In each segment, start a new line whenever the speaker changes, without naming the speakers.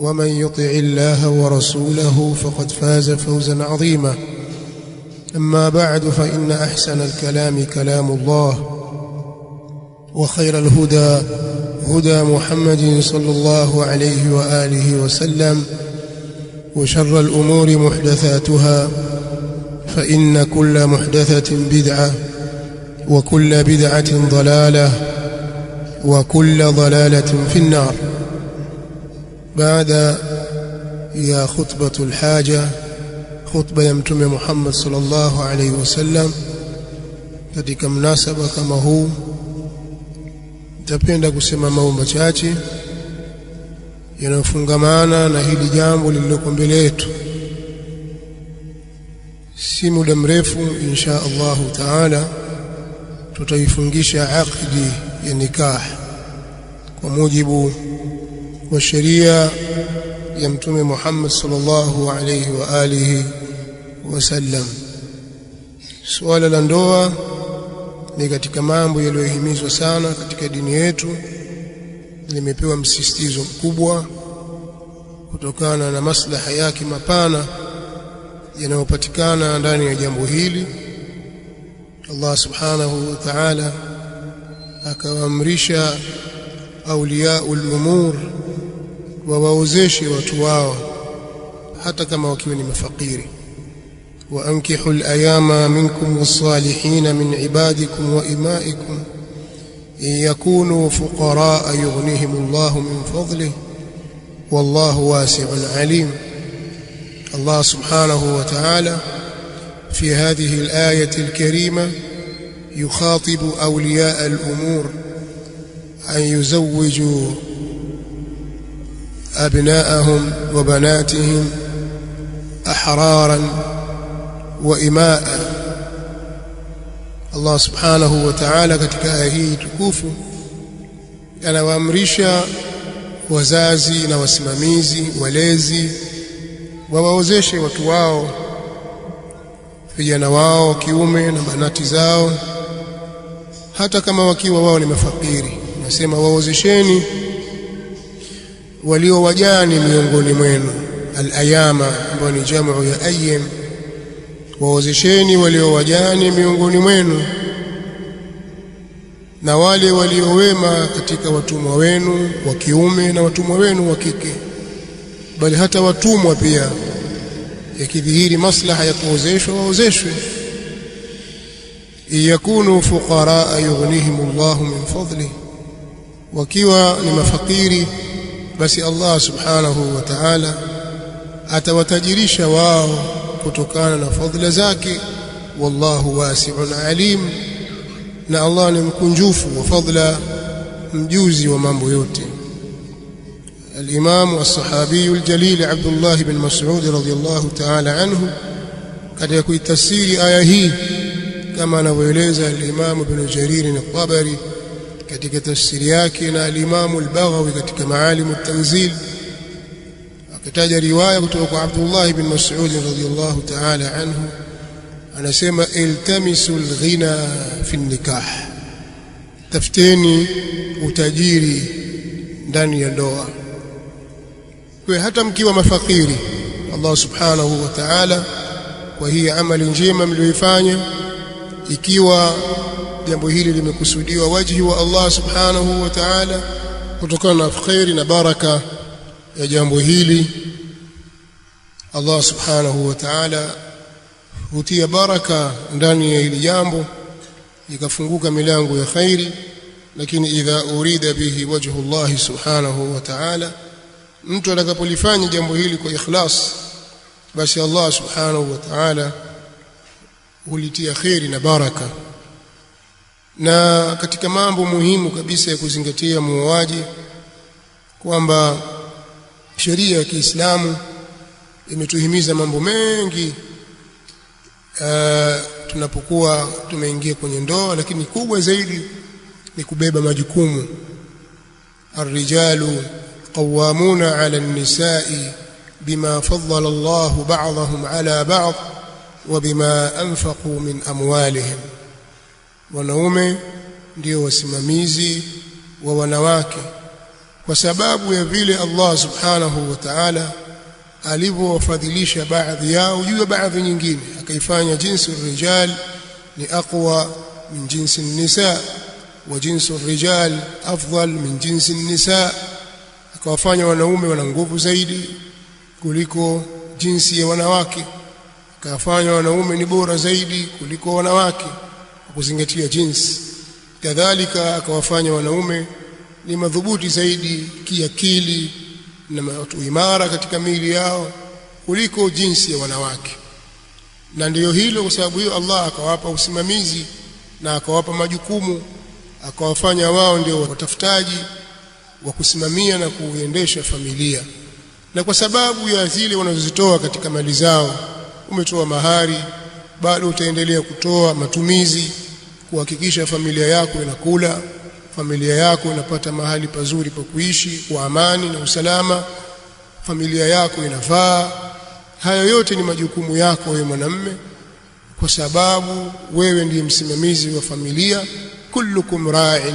ومن يطع الله ورسوله فقد فاز فوزا عظيما أما بعد فإن أحسن الكلام كلام الله وخير الهدى هدى محمد صلى الله عليه وآله وسلم وشر الأمور محدثاتها فإن كل محدثة بدعة وكل بدعة ضلالة وكل ضلالة في النار baada ya khutbatul haja khutba ya mtume Muhammad sallallahu alaihi wasallam katika mnasaba kama huu nitapenda kusema mambo machache yanayofungamana na hili jambo lililoko mbele yetu si muda mrefu insha Allahu taala tutaifungisha aqdi ya nikah kwa mujibu wa sheria ya Mtume Muhammad sallallahu alayhi wa alihi wasallam. Suala la ndoa ni katika mambo yaliyohimizwa sana katika dini yetu, limepewa msisitizo mkubwa kutokana na maslaha yake mapana yanayopatikana ndani ya jambo hili. Allah subhanahu wa ta'ala akawaamrisha auliyaul umur ووزيشي وتواوا حتى كما وكيوني مفقيري ni وأنكحوا الأيام منكم والصالحين من عبادكم وإمائكم إن يكونوا فقراء يغنيهم الله من فضله والله واسع عليم الله سبحانه وتعالى في هذه الآية الكريمة يخاطب أولياء الأمور أن يزوجوا أبناءهم وبناتهم أحرارا وإماء Allah subhanahu wa ta'ala katika aya hii tukufu anawaamrisha wazazi na wasimamizi walezi wawawezeshe watu wao vijana wao wa kiume na banati zao hata kama wakiwa wao ni mafakiri, nasema wawezesheni walio wajani miongoni mwenu, alayama ambayo ni jamu ya ayyam, waozesheni walio wajani miongoni mwenu na wale waliowema katika watumwa wenu wa kiume na watumwa wenu wa kike, bali hata watumwa pia, yakidhihiri maslaha ya kuozeshwa waozeshwe. Iyakunu fuqaraa yughnihimullahu min fadlih, wakiwa ni mafakiri basi Allah subhanahu wa ta'ala atawatajirisha wao kutokana na fadhila zake wallahu wasi'un alim na Allah ni mkunjufu wa fadhila mjuzi wa mambo yote الإمام الصحابي الجليل عبد الله بن مسعود رضي الله تعالى عنه قد يكون تفسير آية هي كما نويلز الإمام ابن جرير الطبري katika tafsiri yake na alimamu al-Baghawi katika maalimu tanzil akitaja riwaya kutoka kwa Abdullah ibn Mas'ud radhiyallahu ta'ala anhu anasema iltamisu alghina fi nikah tafuteni utajiri ndani ya ndoa kwa hata mkiwa mafakiri Allah subhanahu wa ta'ala kwa hii amali njema mlioifanya ikiwa jambo hili limekusudiwa wajhi wa Allah subhanahu wa ta'ala kutokana na khairi na baraka ya jambo hili Allah subhanahu wa ta'ala hutia baraka ndani ya hili jambo ikafunguka milango ya khairi lakini idha urida bihi wajhu Allah subhanahu wa ta'ala mtu atakapolifanya jambo hili kwa ikhlas basi Allah subhanahu wa ta'ala hulitia khairi na baraka na katika mambo muhimu kabisa ya kuzingatia muuaji kwamba sheria ya Kiislamu imetuhimiza mambo mengi uh, tunapokuwa tumeingia kwenye ndoa, lakini kubwa zaidi ni kubeba majukumu. Arrijalu qawamuna ala nisai bima faddala Allahu ba'dahum ala ba'd wa bima anfaqu min amwalihim wanaume ndio wasimamizi wa wanawake kwa sababu ya vile Allah subhanahu wa ta'ala alivyowafadhilisha baadhi yao juu ya baadhi nyingine akaifanya jinsi rijal ni aqwa min jinsi nisa wa jinsi rijal afdal min jinsi nisa akawafanya wanaume wana nguvu zaidi kuliko jinsi ya wanawake akawafanya wanaume ni bora zaidi kuliko wanawake kwa kuzingatia jinsi kadhalika akawafanya wanaume ni madhubuti zaidi kiakili na watu imara katika miili yao kuliko jinsi ya wanawake na ndiyo hilo kwa sababu hiyo Allah akawapa usimamizi na akawapa majukumu akawafanya wao ndio watafutaji wa kusimamia na kuendesha familia na kwa sababu ya zile wanazozitoa katika mali zao umetoa mahari bado utaendelea kutoa matumizi kuhakikisha familia yako inakula, familia yako inapata mahali pazuri pa kuishi kwa amani na usalama, familia yako inavaa Hayo yote ni majukumu yako wewe mwanamme, kwa sababu wewe ndiye msimamizi wa familia. kullukum ra'in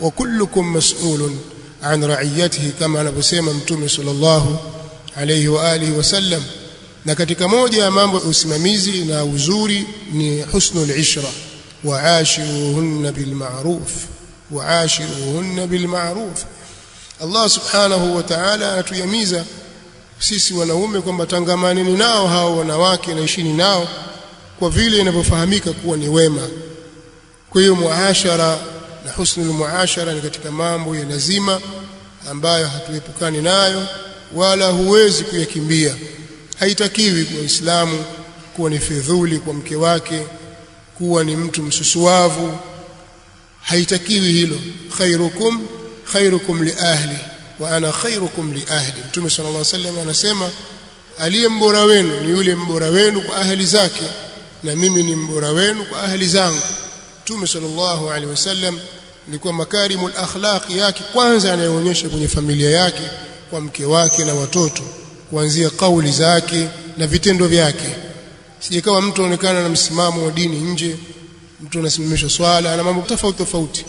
wa kullukum mas'ulun an ra'iyatihi, kama anavyosema Mtume sallallahu alayhi wa alihi wasallam. Na katika moja ya mambo ya usimamizi na uzuri ni husnul ishra waashiruhunna بالمعروف وعاشروهن بالمعروف Allah subhanahu wa ta'ala anatuyamiza sisi wanaume kwamba tangamaneni nao hao wanawake naishini nao kwa vile inavyofahamika kuwa ni wema kwa hiyo muashara na husnul muashara ni katika mambo ya lazima ambayo hatuepukani nayo wala huwezi kuyakimbia haitakiwi kwa Uislamu kuwa ni fidhuli kwa mke wake kuwa ni mtu msusuavu haitakiwi hilo khairukum khairukum liahli wa ana khairukum liahli mtume sallallahu alaihi wasallam anasema aliye mbora wenu ni yule mbora wenu kwa ahli zake na mimi ni mbora wenu kwa ahli zangu mtume sallallahu alaihi wasallam ilikuwa makarimul akhlaqi yake kwanza anayoonyesha kwenye familia yake kwa mke wake na watoto kuanzia kauli zake na vitendo vyake sije kama mtu anaonekana na msimamo wa dini nje mtu anasimamisha swala ana mambo tofauti tofauti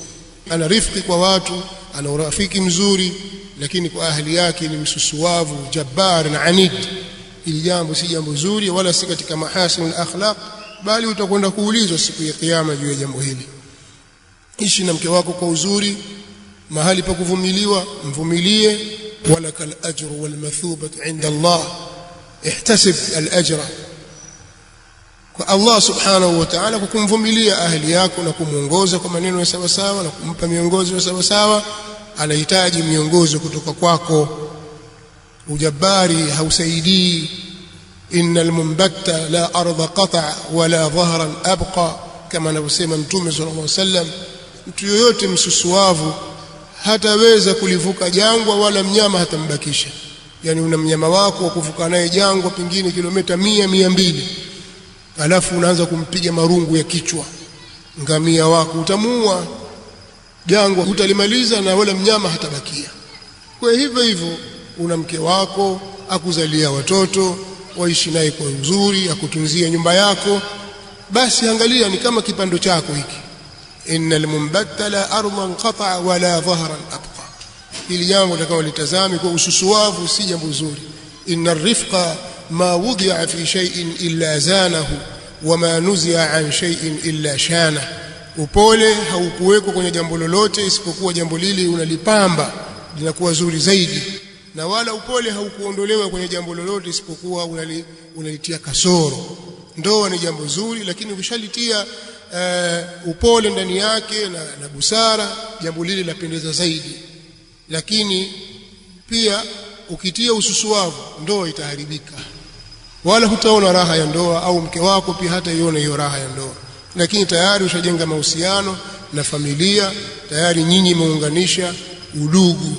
ana rifiki kwa watu ana urafiki mzuri lakini kwa ahli yake ni msusuwavu jabbar na anid ili jambo si jambo zuri wala si katika mahasinul akhlaq bali utakwenda kuulizwa siku ya kiyama juu ya jambo hili ishi na mke wako kwa uzuri mahali pa kuvumiliwa mvumilie walakal ajru wal mathubat inda Allah ihtasib al ajra kwa Allah subhanahu wa ta'ala, kwa kumvumilia ahli yako na kumwongoza kwa maneno ya sawasawa na kumpa miongozo ya sawasawa. Anahitaji miongozo kutoka kwako. Ujabari hausaidii. innal mumbatta la arda qata wala dhahran abqa, kama anavyosema Mtume sallallahu alaihi wasallam, mtu yoyote msusuavu hataweza kulivuka jangwa wala mnyama hatambakisha. Yani una mnyama wako wa kuvuka naye jangwa, pengine kilomita mia mia mbili alafu unaanza kumpiga marungu ya kichwa ngamia wako utamuua jangwa utalimaliza na wala mnyama hatabakia kwa hivyo hivyo una mke wako akuzalia watoto waishi naye kwa uzuri akutunzia nyumba yako basi angalia ni kama kipando chako hiki innal mumbattala ardan qata'a wala dhahran abqa ili jambo utakao litazami kwa ususuwavu si jambo zuri inna rifqa ما وضع في شيء إلا زانه وما نزع عن شيء إلا شانه upole haukuwekwa kwenye jambo lolote isipokuwa jambo lile unalipamba linakuwa zuri zaidi na wala upole haukuondolewa kwenye jambo lolote isipokuwa unali, unalitia kasoro ndoa ni jambo zuri lakini ukishalitia uh, upole ndani yake na, na busara jambo lile lapendeza zaidi lakini pia ukitia ususuavu ndoa itaharibika wala hutaona raha ya ndoa, au mke wako pia hata iona hiyo raha ya ndoa. Lakini tayari ushajenga mahusiano na familia, tayari nyinyi imeunganisha udugu,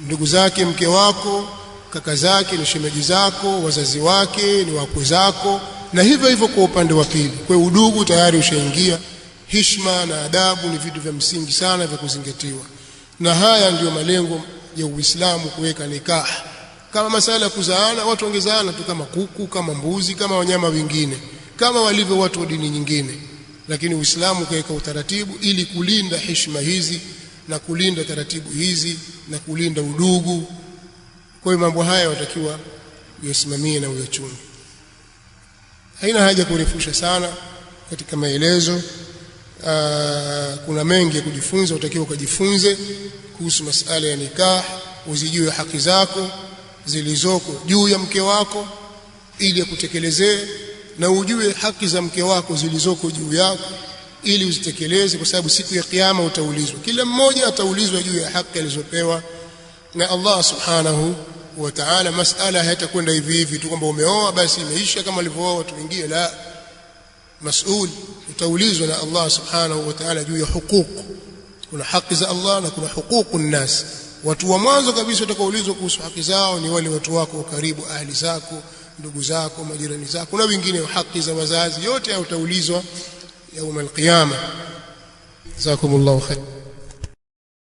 ndugu zake mke wako, kaka zake, ni shemeji zako, wazazi wake, ni wakwe zako, na hivyo hivyo kwa upande wa pili. Kwa udugu tayari ushaingia. Hishma na adabu ni vitu vya msingi sana vya kuzingatiwa, na haya ndiyo malengo ya Uislamu kuweka nikaha kama masala ya kuzaana watu wangezaana tu kama kuku kama mbuzi kama wanyama wengine kama walivyo watu wa dini nyingine lakini Uislamu kaweka utaratibu ili kulinda heshima hizi na kulinda taratibu hizi na kulinda udugu kwa hiyo mambo haya watakiwa uyasimamie na uyachunge haina haja kurefusha sana katika maelezo aa, ah, kuna mengi ya kujifunza utakiwa ukajifunze kuhusu masala ya nikah uzijue haki zako zilizoko juu ya mke wako ili akutekelezee na ujue haki za mke wako zilizoko juu yako ili uzitekeleze kwa sababu siku ya kiyama utaulizwa kila mmoja ataulizwa juu ya haki alizopewa na Allah subhanahu wa ta'ala masala hayatakwenda hivi hivi tu kwamba umeoa basi imeisha kama walivyooa watu wengine la mas'ul utaulizwa na Allah subhanahu wa ta'ala juu ya hukuku kuna haki za Allah na kuna hukuku nnas watu wa mwanzo kabisa watakaoulizwa kuhusu haki zao ni wale watu wako wa karibu, ahli zako, ndugu zako, majirani zako na wengine, haki za wazazi, yote hayo utaulizwa yaumul qiyama. Jazakumullahu khairan.